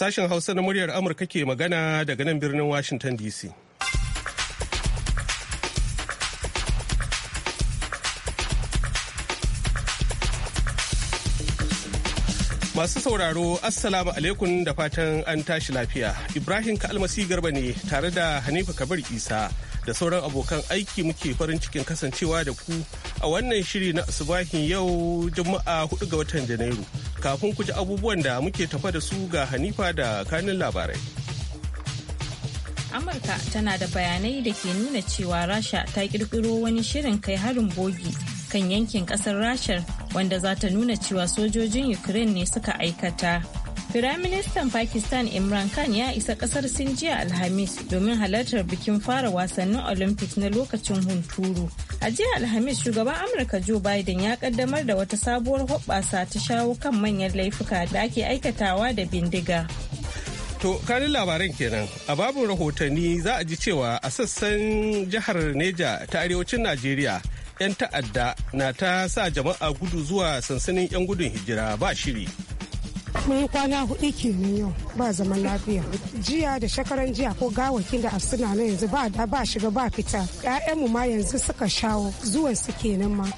Sashen Hausa na muryar Amurka ke magana daga nan birnin Washington DC. Masu sauraro, Assalamu alaikum da fatan an tashi lafiya. Ibrahim Ka'almasi Garba ne tare da Hanifa Kabir Isa. da sauran abokan aiki muke farin cikin kasancewa da ku a wannan shiri na asubahin yau juma'a 4 ga watan janairu kafin ku ji abubuwan da muke tafa da su ga hanifa da kanin labarai amurka tana da bayanai da ke nuna cewa rasha ta kirkiro wani shirin kai harin bogi kan yankin kasar rashar wanda za ta nuna cewa sojojin ukraine ne suka aikata Firaministan Pakistan Imran Khan ya isa kasar Sin jiya Alhamis domin halartar bikin fara wasannin Olympics na lokacin hunturu. A jiya Alhamis shugaban Amurka Joe Biden ya kaddamar da wata sabuwar hoɓɓasa ta shawo kan manyan laifuka da ake aikatawa da bindiga. To, kanin labaran kenan. A babu rahotanni za a ji cewa a sassan jihar Neja ta arewacin Najeriya 'yan ta'adda na ta sa jama'a gudu zuwa sansanin 'yan gudun hijira ba shiri. mun yi kwana hudu kenan yau ba zaman lafiya jiya da shekaran jiya ko gawakin da asuna na yanzu ba da ba shiga ba fita mu ma yanzu suka shawo zuwan su kenan ma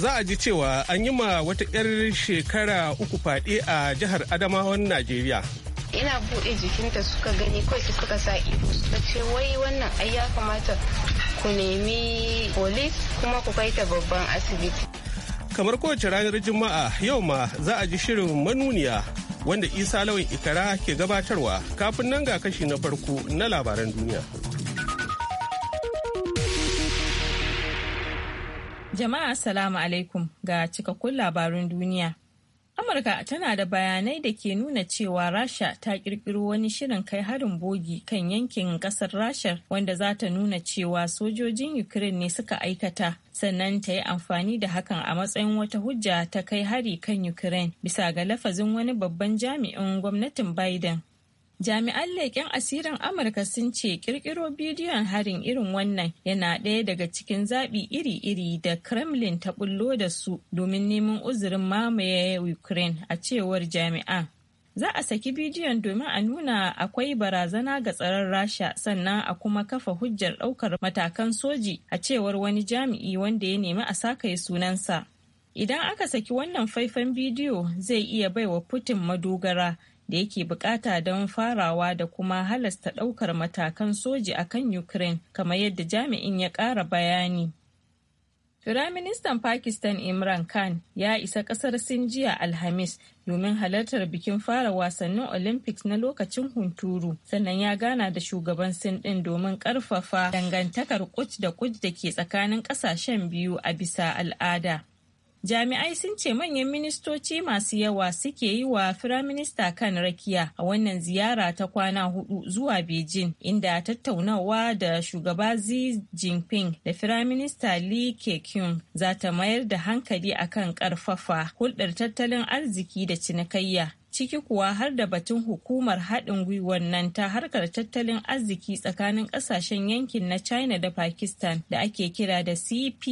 za a ji cewa an yi ma wata 'yar shekara uku fadi a jihar adamawan najeriya ina buɗe jikinta suka gani kawai suka sa ido suka ce wai wannan ai ya kamata ku nemi police kuma ku kai ta babban asibiti kamar kowace ranar juma'a yau ma za a ji shirin manuniya wanda isa lawan ikara ke gabatarwa kafin nan ga kashi na farko na labaran duniya jama'a salamu alaikum ga cikakkun labarun duniya Amurka tana da bayanai da ke nuna cewa Rasha ta kirkiro wani shirin kai harin bogi kan yankin kasar Rasha wanda za ta nuna cewa sojojin Ukraine ne suka aikata sannan ta yi amfani da hakan a matsayin wata hujja ta kai hari kan Ukraine bisa ga lafazin wani babban jami'in gwamnatin Biden Jami'an leƙen asirin Amurka sun ce kirkiro bidiyon harin irin wannan yana ɗaya daga cikin zaɓi iri-iri da Kremlin ta bullo da su domin neman uzurin mamaye Ukraine a cewar jami'a. Za a saki bidiyon domin a nuna akwai barazana ga tsaron Rasha sannan a kuma kafa hujjar ɗaukar matakan soji a cewar wani jami'i wanda ya nemi a sakaye sunansa. Idan aka saki wannan faifan bidiyo zai iya baiwa Putin madogara da yake bukata don farawa da kuma halasta daukar matakan soji a kan ukraine kamar yadda jami'in ya kara bayani Firaministan Pakistan Imran Khan ya isa kasar Sin jiya Alhamis domin halartar bikin fara wasannin Olympics na lokacin hunturu, sannan ya gana da shugaban Sin ɗin domin ƙarfafa dangantakar kuc da kuc da ke tsakanin ƙasashen biyu a bisa al'ada. jami'ai sun ce manyan ministoci masu yawa suke yi wa firaminista kan rakiya a wannan ziyara ta kwana hudu zuwa beijing inda tattaunawa da shugaba xi jinping da firaminista li keqiang za ta mayar da hankali a kan karfafa hulɗar tattalin arziki da cinikayya ciki kuwa har da batun hukumar haɗin gwiwar nan ta harkar tattalin arziki tsakanin ƙasashen yankin na china da pakistan da ake kira da cpec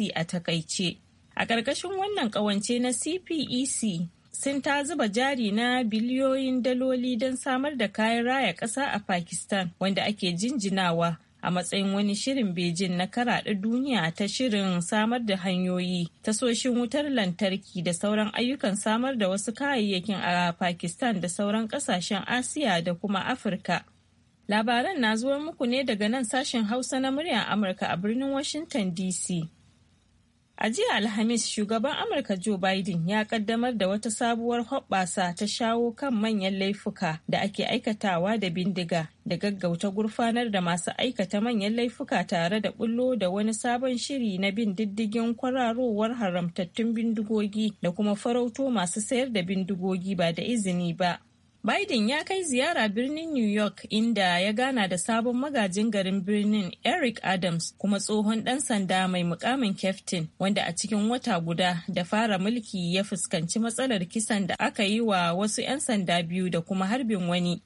e a takaice A ƙarƙashin wannan ƙawance na CPEC sun ta zuba jari na biliyoyin daloli don samar da kayan raya ƙasa a Pakistan wanda ake jinjinawa a matsayin wani shirin Beijing na karaɗe duniya ta shirin samar da hanyoyi, tasoshin wutar lantarki da sauran ayyukan samar da wasu kayayyakin a Pakistan da sauran ƙasashen Asiya da kuma Afirka. Labaran na zuwa muku ne daga nan sashen Hausa na muryar Amurka a birnin Washington DC. A jiya Alhamis shugaban Amurka Joe Biden ya kaddamar da wata sabuwar hoɓɓasa ta shawo kan manyan laifuka da ake aikatawa da bindiga da gaggauta gurfanar da masu aikata manyan laifuka tare da bullo da wani sabon shiri na bin diddigin kwararowar haramtattun bindigogi da kuma farauto masu sayar da bindigogi ba da izini ba. Biden ya kai ziyara birnin New York inda ya gana da sabon magajin garin birnin Eric Adams kuma tsohon ɗan sanda mai mukamin kyaftin wanda a cikin wata guda da fara mulki ya fuskanci matsalar kisan da aka yi wa wasu 'yan sanda biyu da kuma harbin wani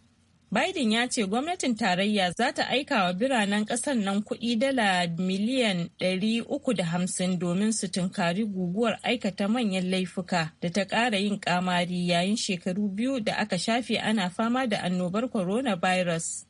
Biden ya ce gwamnatin tarayya za ta aika wa biranen ƙasar nan kuɗi dala miliyan 350 domin su tunkari guguwar aikata manyan laifuka da ta ƙara yin ƙamari yayin shekaru biyu da aka shafe ana fama da annobar coronavirus.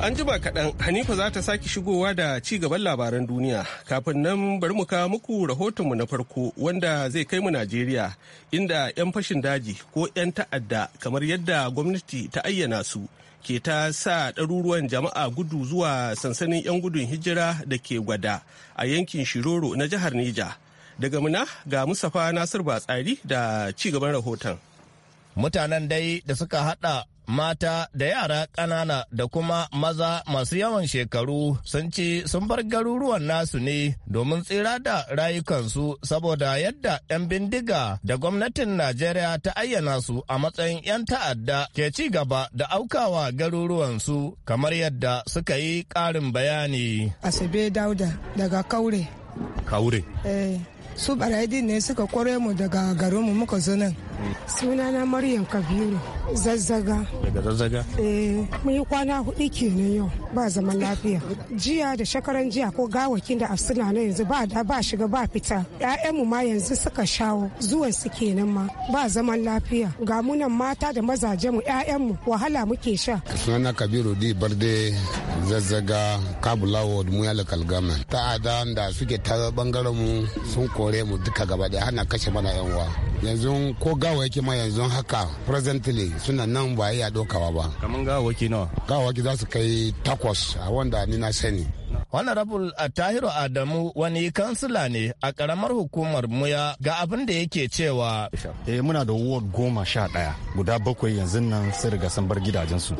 An jima kaɗan Hanifa za ta sake shigowa da ci gaban labaran duniya. Kafin nan bari mu kawo muku rahotonmu na farko wanda zai kai mu Najeriya inda 'yan fashin daji ko 'yan ta'adda kamar yadda gwamnati ta ayyana su ke ta sa ɗaruruwan jama'a gudu zuwa sansanin 'yan gudun hijira da ke gwada a yankin Shiroro na jihar Neja. Daga muna ga Mustapha Nasir Batsari da ci gaban rahoton. Mutanen dai da suka haɗa. mata da yara ƙanana da kuma maza masu yawan shekaru sun ce sun bar garuruwan nasu ne domin tsira da rayukansu saboda yadda 'yan bindiga da gwamnatin Najeriya ta ayyana su a matsayin 'yan ta'adda ke ci gaba da aukawa garuruwansu kamar yadda suka yi ƙarin bayani. Asabe Dauda daga Kaure. Kaure? Eh. su barayi ne suka kware mu daga garin mu muka zo nan sunana maryam kabiru zazzaga daga zazzaga eh mun yi kwana hudu kenan yau ba zaman lafiya jiya da shekaran jiya ko gawakin da afsuna na yanzu ba da ba shiga ba fita Ƴaƴan mu ma yanzu suka shawo zuwan su kenan ma ba zaman lafiya ga munan mata da mazaje mu ƴaƴan mu wahala muke sha sunana kabiru di barde zazzaga kabula ward mu yala Ta adan da suke ta bangaren mu sun kore mu duka gaba da hana kashe mana yan uwa yanzu ko yake ma yanzu haka presently suna nan ba ya dokawa ba kaman ke nawa gawaki za su kai takwas a wanda ni na sani Honorable uh, Tahiru Adamu wani kansila ne a karamar hukumar Muya ga abin da yake cewa. Eh muna da ward goma sha daya. guda bakwai yanzu nan sun riga sun bar su.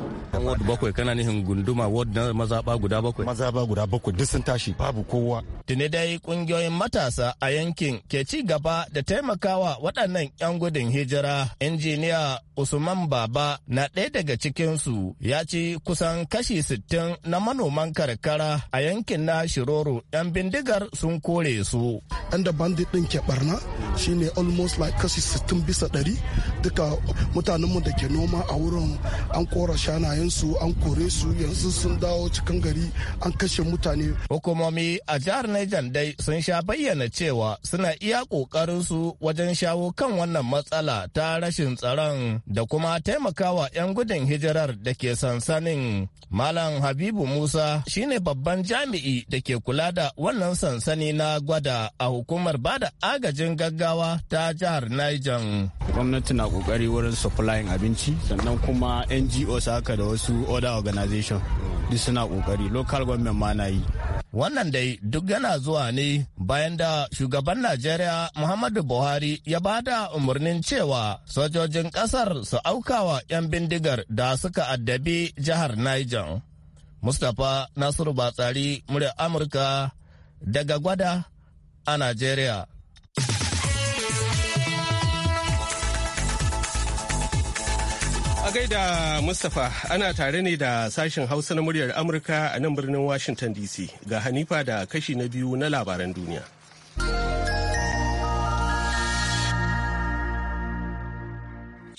Ward bakwai kana nihin gunduma ward na mazaba guda bakwai. mazaba guda bakwai duk sun tashi babu kowa. Tuni dai kungiyoyin matasa a yankin ke ci gaba da taimakawa waɗannan 'yan gudun hijira. Injiniya Usman Baba na ɗaya daga cikinsu ya ci kusan kashi sittin na manoman karkara a yankin yankin na shiroro yan bindigar sun kore su inda bandit din ke barna shine almost like kashi 60 bisa ɗari duka mutanenmu da ke noma a wurin an kora shanayensu an kore su yanzu sun dawo cikin gari an kashe mutane hukumomi a jihar Niger dai sun sha bayyana cewa suna iya kokarin su wajen shawo kan wannan matsala ta rashin tsaron da kuma taimakawa 'yan gudun hijirar da ke sansanin malam habibu musa shine babban jami'in jami'i da ke kula da wannan sansani na gwada a hukumar bada agajin gaggawa ta jihar Niger. Gwamnati na kokari wurin supplying abinci sannan kuma NGOs haka da wasu other organization duk suna kokari local government ma na yi. Wannan dai duk yana zuwa ne bayan da shugaban Najeriya Muhammadu Buhari ya ba da umarnin cewa sojojin kasar su aukawa 'yan bindigar da suka addabi jihar Niger. Mustapha Nasiru Batsari murya Amurka daga gwada a Najeriya. A gaida Mustapha ana tare ne da sashen Hausa na muryar Amurka a nan birnin Washington DC ga Hanifa da kashi na biyu na labaran duniya.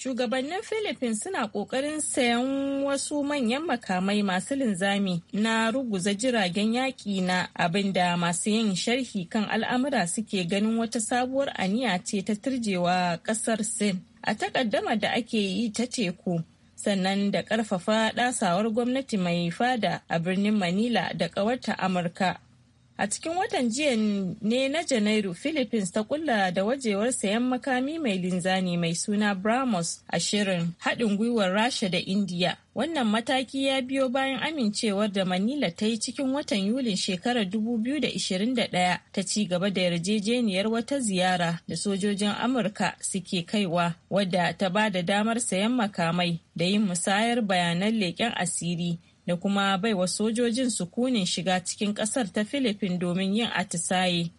shugabannin Philippines suna ƙoƙarin sayan wasu manyan makamai masu linzami na ruguza jiragen yaƙi na abinda masu yin sharhi kan al'amura suke ganin wata sabuwar aniya ce ta turjewa ƙasar Sin a takaddama da ake yi ta teku. sannan da ƙarfafa ɗasawar gwamnati mai fada a birnin manila da ƙawarta amurka A cikin watan jiya ne na Janairu, Philippines ta kulla da wajewar sayan makami mai linzani mai suna Brahmos a shirin haɗin gwiwar Rasha da Indiya. Wannan mataki ya biyo bayan amincewar da Manila ta yi cikin watan Yulin shekarar 2021 ta ci gaba da yarjejeniyar wata ziyara da sojojin Amurka suke kaiwa wadda ta ba da damar sayan makamai da yin musayar bayanan leƙen asiri da kuma bai wa sojojin sukunin shiga cikin kasar ta Filipin domin yin atisaye.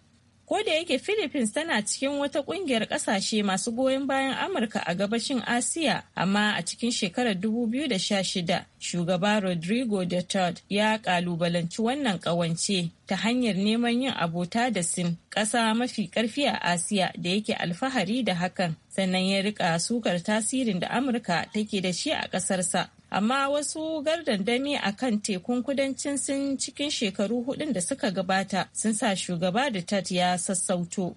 Ko da yake Philippines tana cikin wata kungiyar kasashe masu goyon bayan Amurka a gabashin Asiya, amma a cikin shekarar 2016 shugaba Rodrigo Duterte ya kalubalanci wannan kawance ta hanyar neman yin abota da Sin, ƙasa mafi ƙarfi a Asiya da yake alfahari da hakan. Sannan ya rika sukar tasirin da Amurka take da shi a ƙasarsa amma wasu gardandami a kan tekun kudancin sun cikin shekaru hudun da suka gabata sun sa shugaba da tat ya sassauto.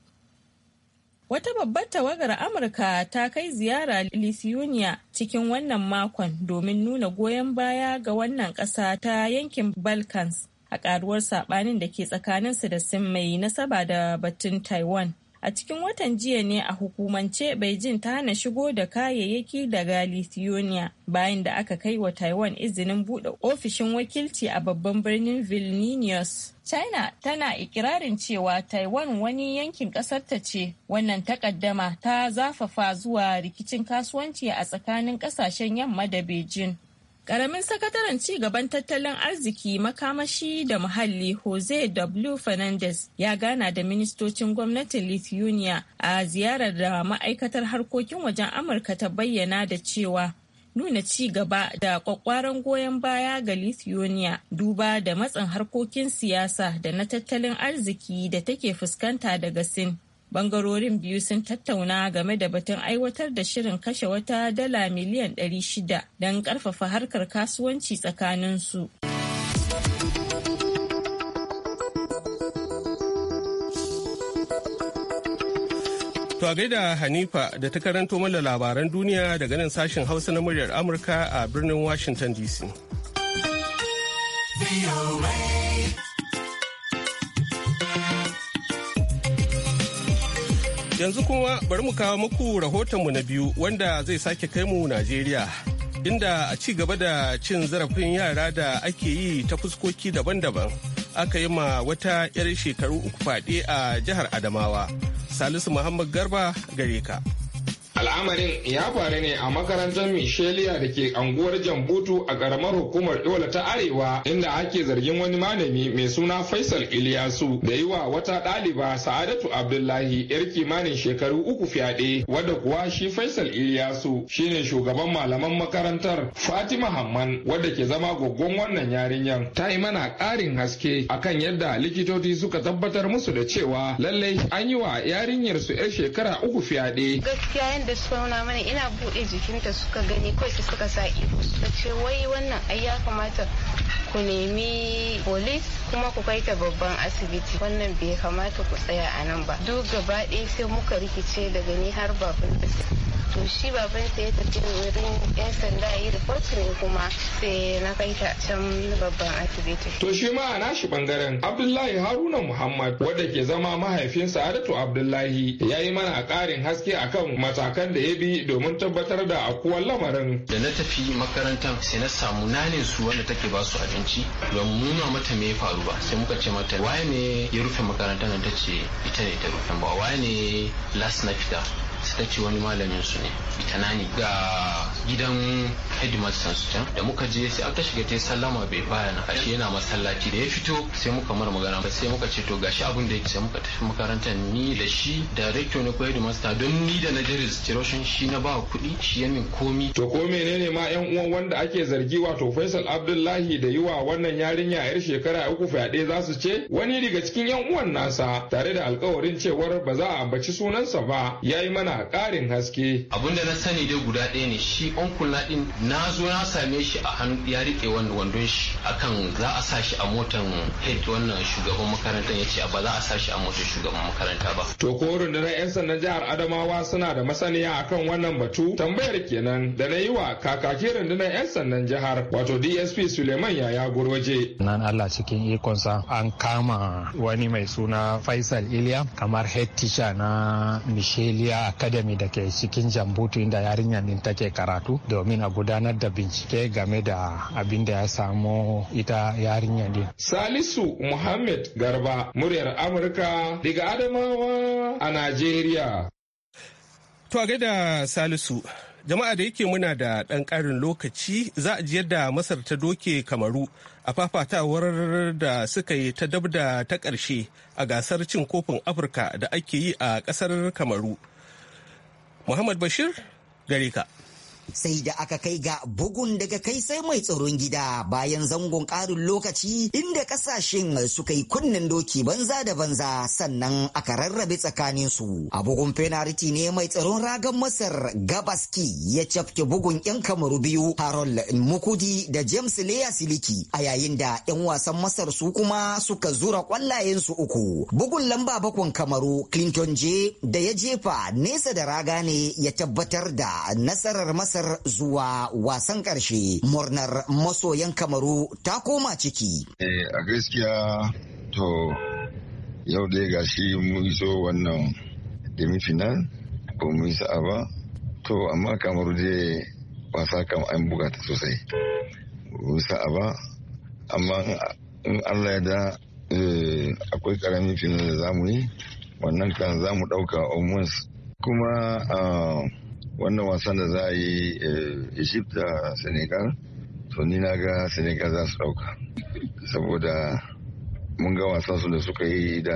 Wata babbar tawagar Amurka ta kai ziyara Lithuania cikin wannan makon domin nuna goyon baya ga wannan ƙasa ta yankin Balkans a ƙaruwar saɓanin da ke tsakaninsu da sin mai nasaba da batun Taiwan. a cikin watan jiya ne a hukumance beijing ta hana shigo da kayayyaki daga lithuania bayan da aka kai wa taiwan izinin buɗe ofishin wakilci a babban birnin vilnius china tana ikirarin cewa taiwan wani yankin ƙasarta ce wannan takaddama ta zafafa zuwa rikicin kasuwanci a tsakanin ƙasashen yamma da beijing Karamin sakataren ci gaban tattalin arziki makamashi da muhalli Jose W. Fernandez ya gana da ministocin gwamnatin Lithuania a ziyarar da ma'aikatar harkokin wajen Amurka ta bayyana da cewa nuna ci gaba da kwakwaran goyon baya ga Lithuania duba da matsin harkokin siyasa da na tattalin arziki da take fuskanta daga Sin Bangarorin biyu sun tattauna game da batun aiwatar da shirin kashe wata dala miliyan 600 don karfafa harkar kasuwanci tsakaninsu. To a gaida Hanifa da ta karanto mana labaran duniya daga nan sashen Hausa na muryar Amurka a birnin Washington DC. Yanzu kuma bari mu kawo muku rahotonmu na biyu wanda zai sake kai mu Najeriya. Inda a ci gaba da cin zarafin yara da ake yi ta fuskoki daban-daban aka yi ma wata 'yar shekaru uku faɗe a jihar Adamawa. Salisu Muhammad Garba gare ka. Al'amarin ya faru ne a makarantar Michelia da ke anguwar Jambutu a karamar hukumar Dola ta Arewa inda ake zargin wani malami mai suna Faisal Iliyasu da yi wa wata ɗaliba Sa'adatu Abdullahi yar kimanin shekaru uku fyaɗe wadda kuwa shi Faisal Iliyasu shine shugaban malaman makarantar Fatima Hamman wadda ke zama goggon wannan yarinyar ta yi mana ƙarin haske akan yadda likitoci suka tabbatar musu da cewa lallai an yi wa yarinyar su 'yar shekara uku fyaɗe. da suka nuna mana ina buɗe jikinta suka gani kawai sai suka sa ido suka ce wai wannan ai ya kamata ku nemi polis kuma ku kai ta babban asibiti wannan bai kamata ku tsaya a nan ba duk gaba ɗaya sai muka rikice da gani har babban to shi baban ta ya tafi wurin yan sanda yi report kuma sai na kai ta can babban asibiti. To shi ma a nashi bangaren Abdullahi Haruna Muhammad wanda ke zama mahaifinsa Adatu Abdullahi ya yi mana a ƙarin haske akan matakan matakan da ya bi domin tabbatar da akuwar lamarin. Da na tafi makarantar sai na samu nanin su wanda take ba su abinci don nuna mata me ya faru ba sai muka ce mata waye ne ya rufe makarantar nan ta ce ita ne ta rufe ba waye ne last na fita ta ce wani malamin su ne na ne ga gidan headmaster su can da muka je sai aka shiga ta sallama bai bayana ashe yana masallaci da ya fito sai muka mara magana ba sai muka ce to gashi abin da yake sai muka tafi makaranta ni da shi da director ne ko headmaster don ni da na je registration shi na ba kuɗi shi ya min komi to ko menene ma yan uwan wanda ake zargi wato Faisal Abdullahi da yiwa wannan yarinya yar shekara uku fyaɗe za su ce wani daga cikin yan uwan nasa tare da alkawarin cewar ba za a ambaci sunansa ba ya yi mana a ah, ƙarin haske. Abin da na sani dai guda ɗaya ne shi onkul na ɗin na zo na same shi a hannu ya riƙe wani wandon shi akan za a sa shi a motan head wannan shugaban makarantar ya ce ba za a sa shi a motan shugaban makaranta ba. To ko rundunar 'yan sandan jihar Adamawa suna da masaniya akan wannan batu tambayar kenan da na yi wa kakaki rundunar 'yan sandan jihar wato DSP Suleiman ya Yaya Gurwaje. Nan Allah cikin ikonsa an kama wani mai suna Faisal Iliya kamar head teacher na Michelia academy da ke cikin jambutu inda yarinya min take karatu domin a gudanar da bincike game da abin da ya samo ita yarinya din salisu muhammad garba muryar amurka daga adamawa a najeriya to a gaida salisu jama'a da yake muna da ɗan ƙarin lokaci za a ji yadda masar ta doke kamaru a fafatawar da suka yi ta dabda ta ƙarshe a gasar cin kofin afirka da ake yi a ƙasar kamaru محمد بشير ذلك sai da aka kai ga bugun daga kai sai mai tsaron gida bayan zangon ƙarin lokaci inda ƙasashen suka yi kunnen doki banza da banza sannan aka rarrabe tsakanin su a bugun fenariti ne mai tsaron ragan masar gabaski ya cafke bugun 'yan kamaru biyu harold mukudi da james leya siliki a yayin da 'yan wasan masar su kuma suka zura kwallayen su uku bugun lamba bakon kamaru clinton je da ya jefa nesa da raga ne ya tabbatar da nasarar masar gasar zuwa wasan ƙarshe murnar masoyan kamaru ta koma ciki. Eh, a gaskiya to yau dai ga shi mu iso wannan demi-final ko mu isa to amma kamaru dai wasa an buga sosai mun isa amma in allah ya da eh, akwai karamin final da za mu yi wannan kan za mu ɗauka almost kuma ah, wannan wasan da za a yi eh, egypt da senegal to ni na ga senegal za su dauka saboda mun ga wasan su da suka yi da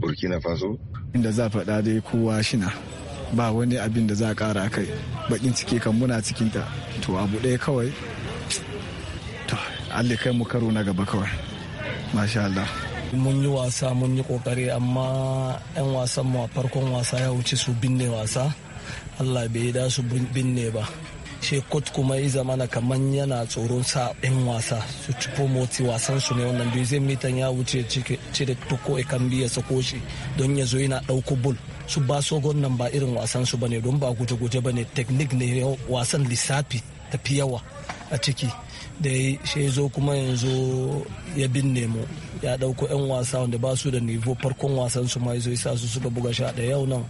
burkina faso inda za faɗa dai kowa shina ba wani abin da za a ƙara kai bakin ciki kan muna cikinta to abu ɗaya kawai to allah kai mu karo na gaba kawai masha Allah mun yi wasa mun yi kokari amma 'yan wasan mu a farkon wasa ya wuce su binne wasa allah bai da su binne ba she kot kuma yi zama na kaman yana tsoron sa yan wasa su ci motsi wasan su ne wannan bai zai mitan ya wuce cire tuko kan biya sa koshi don ya zo yana ɗauko bul su ba sogon nan ba irin wasan su bane don ba guje-guje bane teknik ne wasan lissafi fi yawa a ciki da ya zo kuma yanzu ya binne mu ya ɗauko 'yan wasa wanda ba su da nivo farkon wasan su ma ya zo ya sa su suka buga sha da yau nan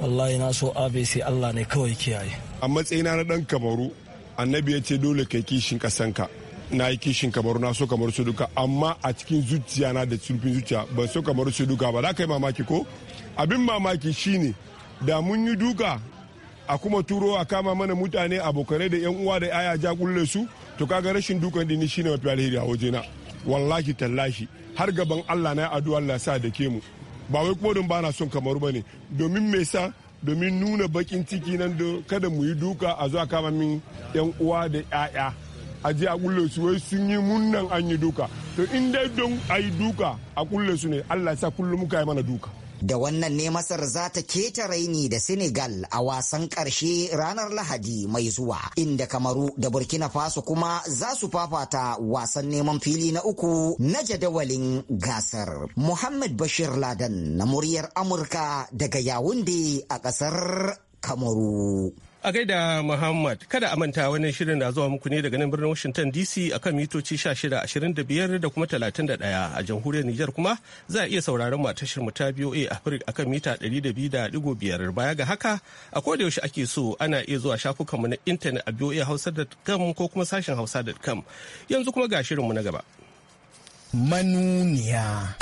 wallahi na so abc allah ne kawai kiyaye a matsayina na dan kamaru annabi ya ce dole kai kishin kasanka na yi kishin kamaru na so kamar su duka amma a cikin zuciya na da cikin zuciya ban so kamar su duka ba za ka yi mamaki ko abin mamaki shine da mun yi duka a kuma turo a kama mana mutane abokanai da yan uwa da yaya ja kulle su to kaga rashin dukan dini shine mafi alheri a wajena wallahi tallahi har gaban Allah na addu'a Allah sa da ke mu ba wai kuma don ba na son kamaru ba ne domin me sa domin nuna bakin ciki nan da kada mu yi duka a zuwa kama min yan uwa da 'ya'ya a ji a kulle su wai sun yi munnan an yi duka to in dai don a yi duka a kulle su ne allah sa kullum muka yi mana duka Da wannan ne Masar za ta keta raini da Senegal a wasan ƙarshe ranar Lahadi mai zuwa, inda Kamaru da Burkina Faso kuma za su fafata wasan neman fili na uku na jadawalin gasar. Muhammad Bashir Ladan na muryar Amurka daga Yawunde a ƙasar Kamaru. A gaida Muhammad, kada a manta wannan shirin na zuwa muku ne daga nan birnin Washington DC akan mitoci 1625 da kuma 31 a jamhuriyar Nijar kuma za a iya sauraron mu tashar mu ta BOA Africa akan mita 200.5 baya ga haka a koda yaushe ake so ana iya zuwa shafukanmu na intanet a boahausa.com ko kuma sashen hausa.com yanzu kuma ga shirin mu na gaba. Manuniya.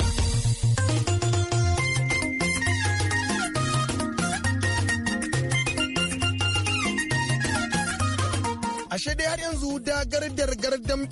ashe dai har yanzu da gardar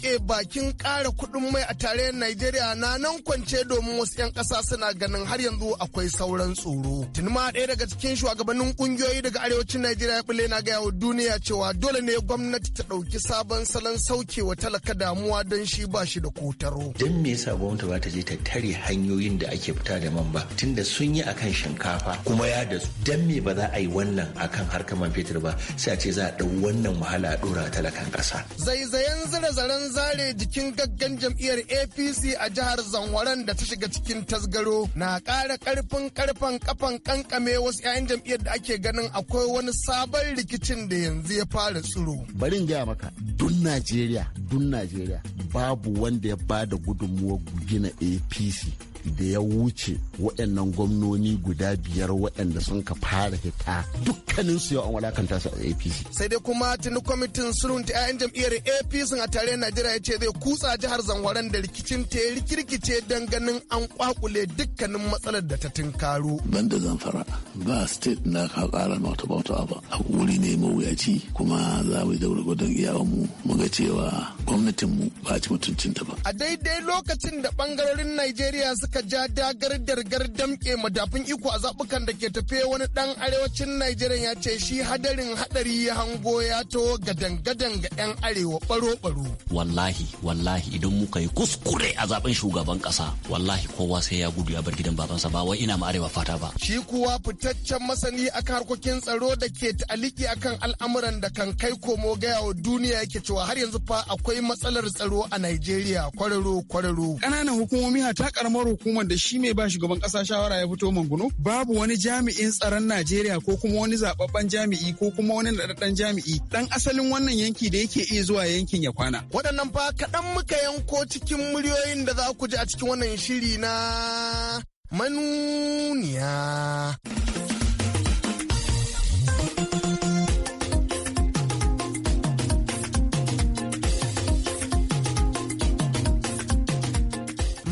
ke bakin kara kudin mai a tarayyar Najeriya na nan kwance domin wasu 'yan kasa suna ganin har yanzu akwai sauran tsoro. Tun ma ɗaya daga cikin shugabannin kungiyoyi daga arewacin Najeriya ya bule na gaya wa duniya cewa dole ne gwamnati ta ɗauki sabon salon saukewa talaka damuwa don shi ba shi da kotaro. Don me yasa gwamnati ba ta je ta tare hanyoyin da ake fita da man ba tunda sun yi akan shinkafa kuma ya da don me ba za a yi wannan akan harkar man fetur ba sai a ce za a ɗau wannan wahala a ɗora talakan ƙasa. Zaizayen zare-zaren zare jikin gaggan jam'iyyar APC a jihar Zanwaran da ta shiga cikin tasgaro na ƙara ƙarfin ƙarfen kafan ƙanƙame wasu 'ya'yan jam'iyyar da ake ganin akwai wani sabon rikicin da yanzu ya fara tsiro. Barin gaya maka dun Najeriya dun Najeriya babu wanda ya bada gudunmuwa gina APC da ya wuce waɗannan gwamnoni guda biyar waɗanda sun ka fara hita dukkanin su yau an wadakanta su a apc sai dai kuma tuni kwamitin sulhun ta 'ya'yan jam'iyyar apc a tare najeriya ya ce zai kutsa jihar zangwaren da rikicin ta ya rikirkice don ganin an kwakule dukkanin matsalar da ta tunkaro ban da zamfara ba state na ka kara mata bauta ba a wuri ne mawuyaci kuma za mu daura gudun iyawanmu mu ga cewa gwamnatinmu ba ci mutuncinta ba a daidai lokacin da bangarorin najeriya suka Ka ja dagar dargar damƙe madafin iko a zabukan da ke tafe wani ɗan arewacin Najeriya ya ce shi hadarin hadari ya hango ya to gadan-gadan ga 'yan arewa baro-baro. Wallahi, wallahi idan muka yi kuskure a zaben shugaban kasa wallahi kowa sai ya gudu ya bar gidan babansa ba wai ina ma arewa fata ba. Shi kuwa fitaccen masani a harkokin tsaro da ke ta'aliki akan al'amuran da kan kai komo gaya wa duniya yake cewa har yanzu fa akwai matsalar tsaro a Najeriya kwararo kwararo. Ƙananan hukumomi ta karamar hukumar da shi mai ba shugaban kasa shawara ya fito manguno babu wani jami'in tsaron Najeriya ko kuma wani zababben jami'i ko kuma wani nadaddan jami'i dan asalin wannan yanki da yake iya zuwa yankin ya kwana. Waɗannan fa kaɗan muka yanko cikin muryoyin da za ku ji a cikin wannan shiri na manuniya.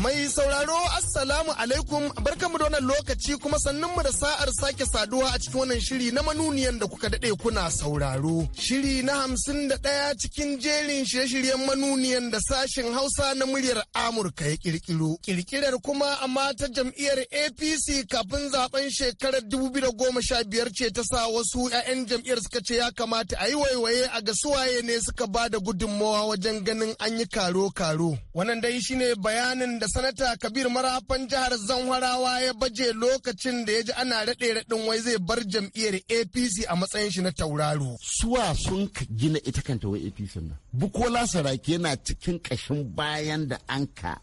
Mai sauraro Assalamu alaikum barkamu da wannan lokaci kuma mu da sa'ar sake saduwa a cikin wannan shiri na manuniyan da kuka daɗe kuna sauraro. Shiri na hamsin da ɗaya cikin jerin shirye-shiryen manuniyan da sashen Hausa na muryar Amurka ya ƙirƙiro. Ƙirƙirar kuma amma ta jam'iyyar APC kafin zaben shekarar biyar ce ta sa wasu 'ya'yan jam'iyyar suka ce ya kamata a yi waiwaye a ga suwaye ne suka ba da gudunmawa wajen ganin an yi karo-karo. Wannan dai shine bayanin da sanata kabir marafan jihar zanwarawa ya baje lokacin da ya ji ana raɗe raɗin wai zai bar jam'iyyar apc a matsayin shi na tauraro suwa sun gina ita kanta wai apc nan bukola saraki yana cikin ƙashin bayan da an ka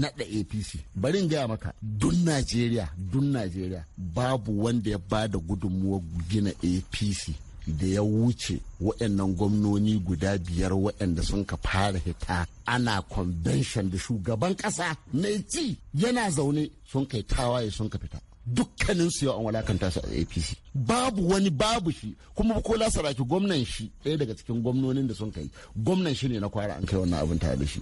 naɗa apc bari in gaya maka dun najeriya dun najeriya babu wanda ya ba da gudunmawar gina apc da ya wuce waɗannan gwamnoni guda biyar waɗanda sun ka fara hita ana convention da shugaban ƙasa mai ci yana zaune sun kai tawaye sun ka fita dukkanin su yau an walakanta su a apc babu wani babu shi kuma ko saraki gwamnan shi ɗaya daga cikin gwamnonin da sun kai gwamnan shi ne na kwara an kai wannan abin tare da shi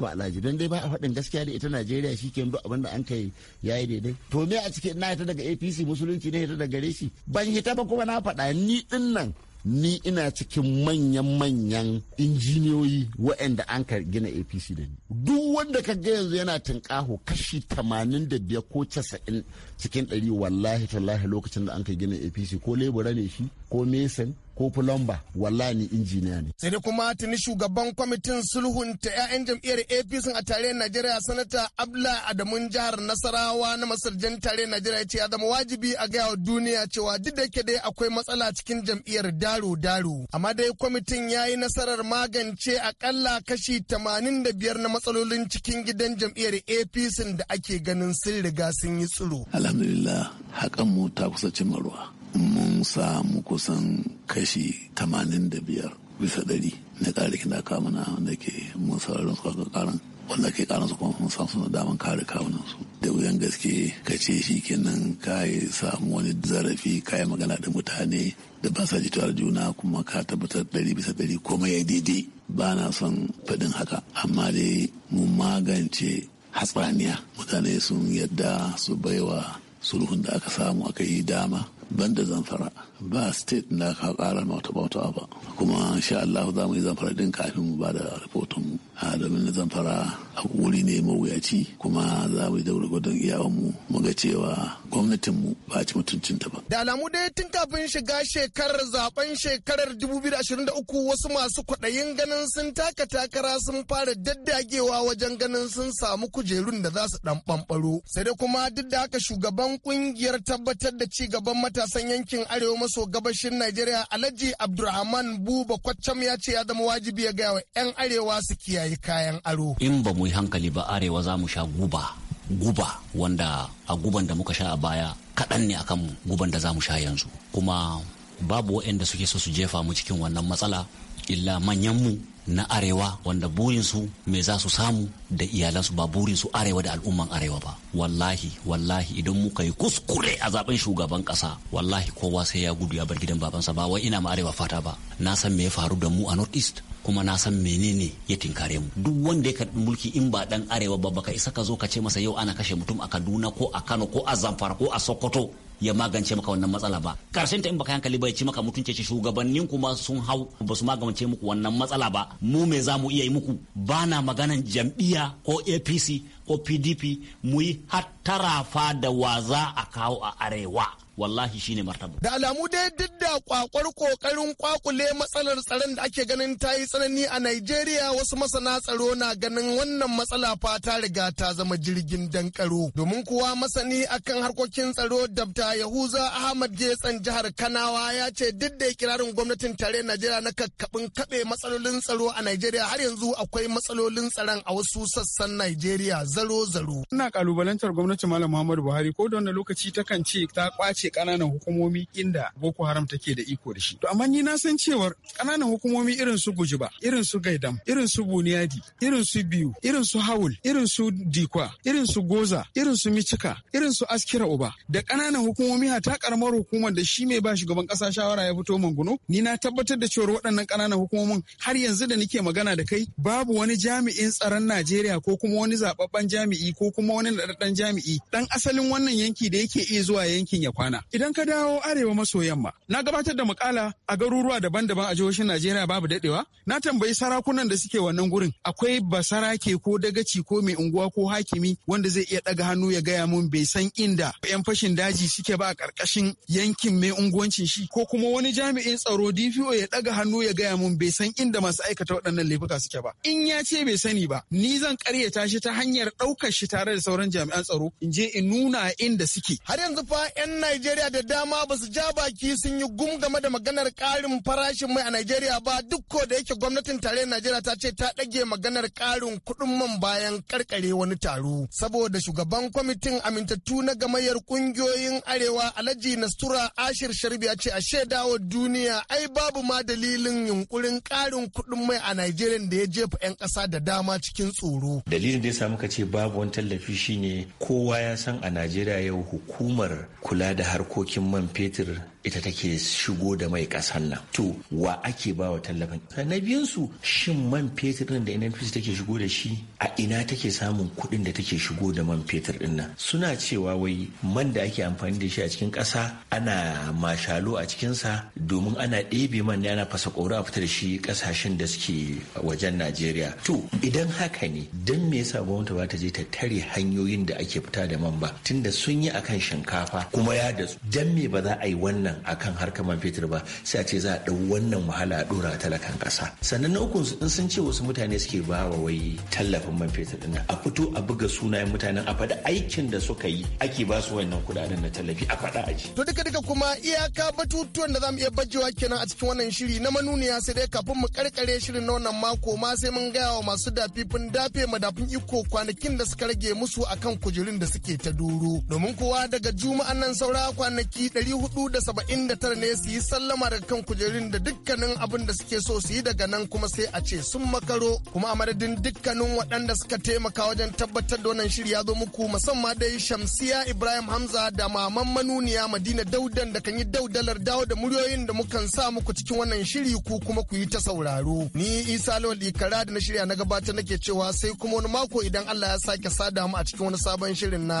ba alhaji don dai ba a faɗin gaskiya da ita najeriya shi ke duk abin da an kai ya yi daidai to me a cikin na hita daga apc musulunci na hita daga gare shi ban hita ba kuma na faɗa ni ɗin nan ni ina cikin manyan-manyan injiniyoyi waɗanda an ka gina apc da ni duk wanda ka ga yanzu yana tunƙaho kashi 85 ko casa'in cikin ɗari wallahi tallahi lokacin da an ka gina apc ko lebura ne shi ko mesan ko fulamba wallahi ni injiniya ne. Sai dai kuma tuni shugaban kwamitin Sulhun ta 'ya'yan jam'iyyar APC a tarayyar Najeriya sanata Abla Adamu jihar Nasarawa na masarjan tare Najeriya ce ya zama wajibi a gaya wa duniya cewa duk da yake dai akwai matsala cikin jam'iyyar daro daro. Amma dai kwamitin ya yi nasarar magance akalla kashi 85 na matsalolin cikin gidan jam'iyyar APC da ake ganin sun riga sun yi tsiro. Alhamdulillah hakan mu ta kusa cimma ruwa. mun samu kusan kashi 85 bisa ɗari na ƙarikin da kama na, wanda ke mun sararin su aka ƙaran wanda ke ƙaran su kuma mun samu suna daman kare kawunan su da wuyan gaske ka ce shi kenan ka yi samu wani zarafi ka yi magana da mutane da ba sa juna kuma ka tabbatar ɗari bisa dari kuma ya daidai ba na son faɗin haka amma dai mun magance hatsaniya mutane sun yadda su baiwa sulhun da aka samu aka yi dama banda zamfara ba state da ka kara mata bauta ba kuma insha Allah za mu yi zamfara din kafin mu ba da rahoton mu a domin zamfara a wuri ne mawuyaci kuma za mu yi da gudun iyawan mu mu ga cewa gwamnatin mu ba ci mutuncin ba da alamu dai tun kafin shiga shekarar zaben shekarar 2023 wasu masu kwaɗayin ganin sun taka takara sun fara daddagewa wajen ganin sun samu kujerun da za su dan bambaro sai dai kuma duk da haka shugaban kungiyar tabbatar da ci gaban mata matasan yankin arewa maso gabashin Najeriya Alhaji Abdulrahman Buba Kwaccam ya ce ya zama wajibi ya gaya wa 'yan arewa su kiyaye kayan aro. In ba mu yi hankali ba arewa za mu sha guba. Guba wanda a guban da muka sha a baya kaɗan ne akan guban da za mu sha yanzu. Kuma babu waɗanda suke so su jefa mu cikin wannan matsala illa manyanmu na arewa wanda burinsu me za su samu da iyalansu ba burinsu arewa da al'umman arewa ba wallahi wallahi idan muka yi kuskure a zaben shugaban kasa wallahi kowa sai ya gudu ya bar gidan babansa ba wai ina ma arewa fata ba na san me ya faru da mu a north east kuma na san menene ya tinkare mu duk wanda ya karbi mulki in ba dan arewa ba baka isa ka zo ka ce masa yau ana kashe mutum a kaduna ko a kano ko a zamfara ko a sokoto ya magance maka wannan matsala ba karshen ta in baka hankali bai ci maka mutunci ci shugabannin kuma sun hau ba su magance muku wannan matsala ba mu me zamu mu iya yi muku bana maganan jam'iyya ko apc ko pdp mu yi hattarafa da waza a kawo a arewa wallahi shine martaba da alamu dai duk da kwakwar kokarin kwakule matsalar tsaron da ake ganin ta yi tsanani a Najeriya wasu masana tsaro na ganin wannan matsala Fata riga ta zama jirgin dankaro domin kuwa masani akan harkokin tsaro dabta Yahuza Ahmad Getsan jihar Kanawa ya ce duk da kirarin gwamnatin tare Najeriya na kakkabin kaɓe matsalolin tsaro a Najeriya har yanzu akwai matsalolin tsaron a wasu sassan Najeriya zaro-zaro. Ina kalubalantar gwamnati Malam Muhammadu Buhari ko da wani lokaci takan ce ta kwace kananan hukumomi inda Boko Haram take da iko da shi. To amma ni na san cewar kananan hukumomi irin su Gujiba, irin su Gaidam, irin su Buniyadi, irin su Biyu, irin su Hawul, irin su Dikwa, irin su Goza, irin su Micika, irin su Askira Uba da ƙananan hukumomi ha ta karamar hukumar da shi mai ba shugaban kasa shawara ya fito manguno. Ni na tabbatar da cewar waɗannan kananan hukumomin har yanzu da nike magana da kai babu wani jami'in tsaron Najeriya ko kuma wani zababben jami'i ko kuma wani naɗaɗɗen jami'i dan asalin wannan yanki da yake iya zuwa yankin ya kwana idan ka dawo arewa maso yamma na gabatar da makala a garuruwa daban-daban a jihohin najeriya babu daɗewa na tambayi sarakunan da suke wannan gurin akwai basarake ko dagaci ko mai unguwa ko hakimi wanda zai iya daga hannu ya gaya mun bai san inda yan fashin daji suke ba a karkashin yankin mai unguwancin shi ko kuma wani jami'in tsaro dpo ya ɗaga hannu ya gaya mun bai san inda masu aikata waɗannan laifuka suke ba in ya ce bai sani ba ni zan karyata shi ta hanyar ɗaukar shi tare da sauran jami'an tsaro in je in nuna inda suke. Har yanzu fa 'yan Najeriya da dama ba su ja baki sun yi gum game da maganar ƙarin farashin mai a Najeriya ba duk ko da yake gwamnatin tare Najeriya ta ce ta ɗage maganar ƙarin kuɗin man bayan karkare wani taro. Saboda shugaban kwamitin amintattu na gamayyar ƙungiyoyin Arewa Alhaji Nastura Ashir Sharbi ya ce a shaidawa duniya ai babu ma dalilin yunkurin ƙarin kuɗin mai a Najeriya da ya jefa 'yan ƙasa da dama cikin tsoro. Dalilin da ya samu ka ce babu wani tallafi shine kowa ya san a najeriya yau hukumar kula da harkokin man fetur ita take shigo da mai kasan nan to wa ake ba wa tallafin na biyun su shin man fetur din da NNPC take shigo da shi a ina take samun kuɗin da take shigo da man fetur din nan suna cewa wai man da ake amfani da shi a cikin ƙasa ana mashalo a cikin sa domin ana ɗebe man ne ana fasa ƙoro a fita da shi ƙasashen da suke wajen Najeriya to idan haka ne dan me yasa gwamnati ba ta je ta tare hanyoyin da ake fita da man ba tunda sun yi akan shinkafa kuma ya da dan me ba za a yi wannan a kan harkar man fetur ba sai a ce za a ɗau wannan wahala a ɗora talakan ƙasa sannan na uku in sun ce wasu mutane suke ba wa wai tallafin man fetur ɗin a fito a buga sunayen mutanen a faɗi aikin da suka yi ake ba su wannan kuɗaɗen na tallafi a faɗa a ji. to duka duka kuma iyaka batutuwan da za mu iya bajewa kenan a cikin wannan shiri na manuniya sai dai kafin mu karkare shirin na wannan mako ma sai mun gaya wa masu dafifin dafe madafin iko kwanakin da suka rage musu akan kujerun da suke ta doro domin kowa daga juma'an nan saura kwanaki 470 49 ne su yi sallama da kan kujerun da dukkanin abin da suke so su yi daga nan kuma sai a ce sun makaro kuma a madadin dukkanin waɗanda suka taimaka wajen tabbatar da wannan shirya ya zo muku musamman dai Shamsiya Ibrahim Hamza da maman manuniya Madina Daudan da kan yi daudalar dawo da muryoyin da mukan sa muku cikin wannan shiri ku kuma ku yi ta sauraro. Ni Isa Lawal Ikara da na shirya na gabatar nake cewa sai kuma wani mako idan Allah ya sake sada mu a cikin wani sabon shirin na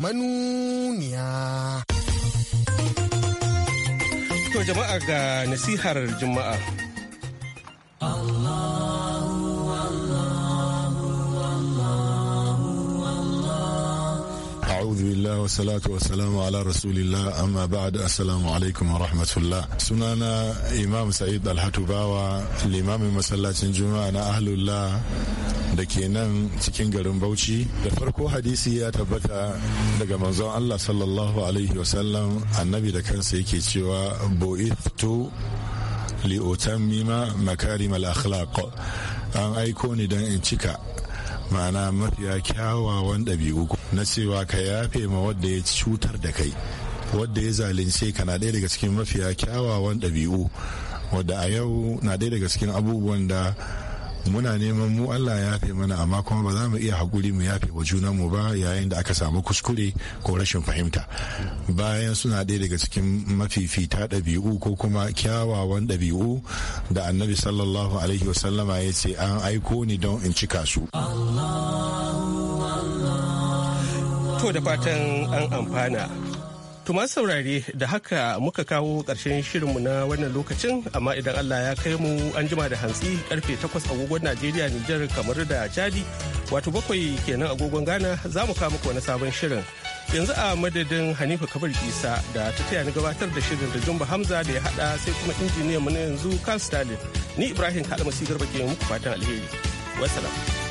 manuniya. jama'a ga nasihar juma'a. a'udhu billah wa salatu wa salamu ala rasulillah amma ba'd assalamu alaikum wa rahmatullah sunana imam sa'id alhatubawa limamin masallacin juma'a na ahlullah da ke nan cikin garin bauchi da farko hadisi ya tabbata daga manzon allah sallallahu alaihi wasallam annabi da kansa yake cewa bo'itu li'utammima makarim al-akhlaq an aiko ni don in cika ma'ana mafiya kyawawan ɗabi'u na cewa ka yafe ma wadda ya cutar da kai wadda ya zalunce ka na ɗaya daga cikin mafiya kyawawan ɗabi'u wadda a yau na ɗaya daga cikin abubuwan da muna neman mu Allah ya yafe mana amma kuma ba za mu iya haƙuri mu yafe wa juna mu ba yayin da aka samu kuskure ko rashin fahimta bayan suna ɗaya daga cikin mafifita ɗabi'u ko kuma kyawawan ɗabi'u da annabi sallallahu alaihi wasallama ya ce an aiko ni don in cika su. Allah. To da fatan an amfana. Tuma saurare da haka muka kawo ƙarshen shirinmu na wannan lokacin amma idan Allah ya kai mu an jima da hantsi karfe takwas agogon Najeriya Nijar kamar da Chadi wato bakwai kenan agogon Ghana za mu kawo muku wani sabon shirin. Yanzu a madadin Hanifa kabir Isa da ta taya ni gabatar da shirin da Jumba Hamza da ya haɗa sai kuma injiniyan mu na yanzu Carl Stalin. Ni Ibrahim Kalamasi Garba ke muku fatan alheri. Wassalam.